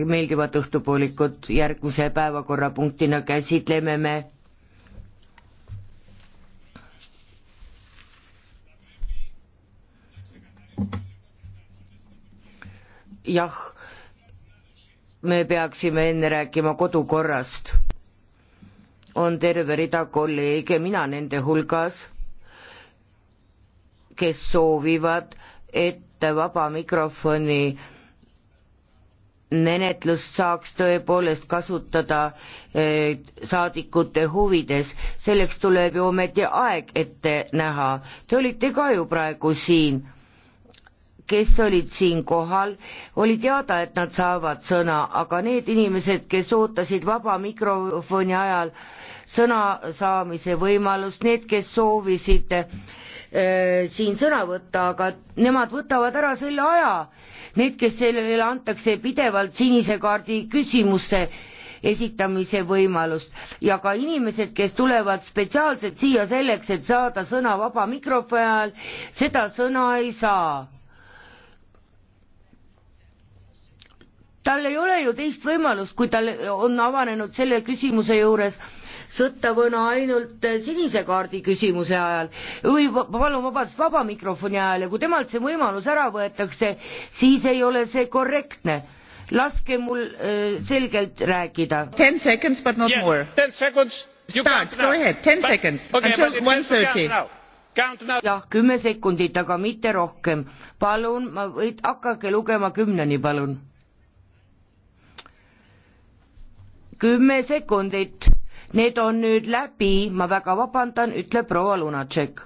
meeldivat õhtupoolikut, järgmise päevakorrapunktina käsitleme me jah, me peaksime enne rääkima kodukorrast. on terve rida kolleege, mina nende hulgas, kes soovivad, et vaba mikrofoni menetlust saaks tõepoolest kasutada eh, saadikute huvides, selleks tuleb ju ometi aeg ette näha. Te olite ka ju praegu siin, kes olid siin kohal, oli teada, et nad saavad sõna, aga need inimesed, kes ootasid vaba mikrofoni ajal sõna saamise võimalust, need, kes soovisid äh, Äh, siin sõna võtta, aga nemad võtavad ära selle aja. Need, kes sellele antakse pidevalt sinise kaardi küsimusse esitamise võimalust ja ka inimesed, kes tulevad spetsiaalselt siia selleks, et saada sõna vaba mikrofoni ajal, seda sõna ei saa. tal ei ole ju teist võimalust, kui tal on avanenud selle küsimuse juures sõttavõna ainult sinise kaardi küsimuse ajal või palun vabandust, vaba mikrofoni ajal ja kui temalt see võimalus ära võetakse, siis ei ole see korrektne laske mul äh, selgelt rääkida. Ten seconds but not yes, more. Ten seconds. Start, go ahead, ten but, seconds okay, until one thirty. jah, kümme sekundit, aga mitte rohkem. palun, ma võin, hakake lugema kümneni, palun. kümme sekundit. Need on nüüd läbi, ma väga vabandan, ütleb proua Lunatšek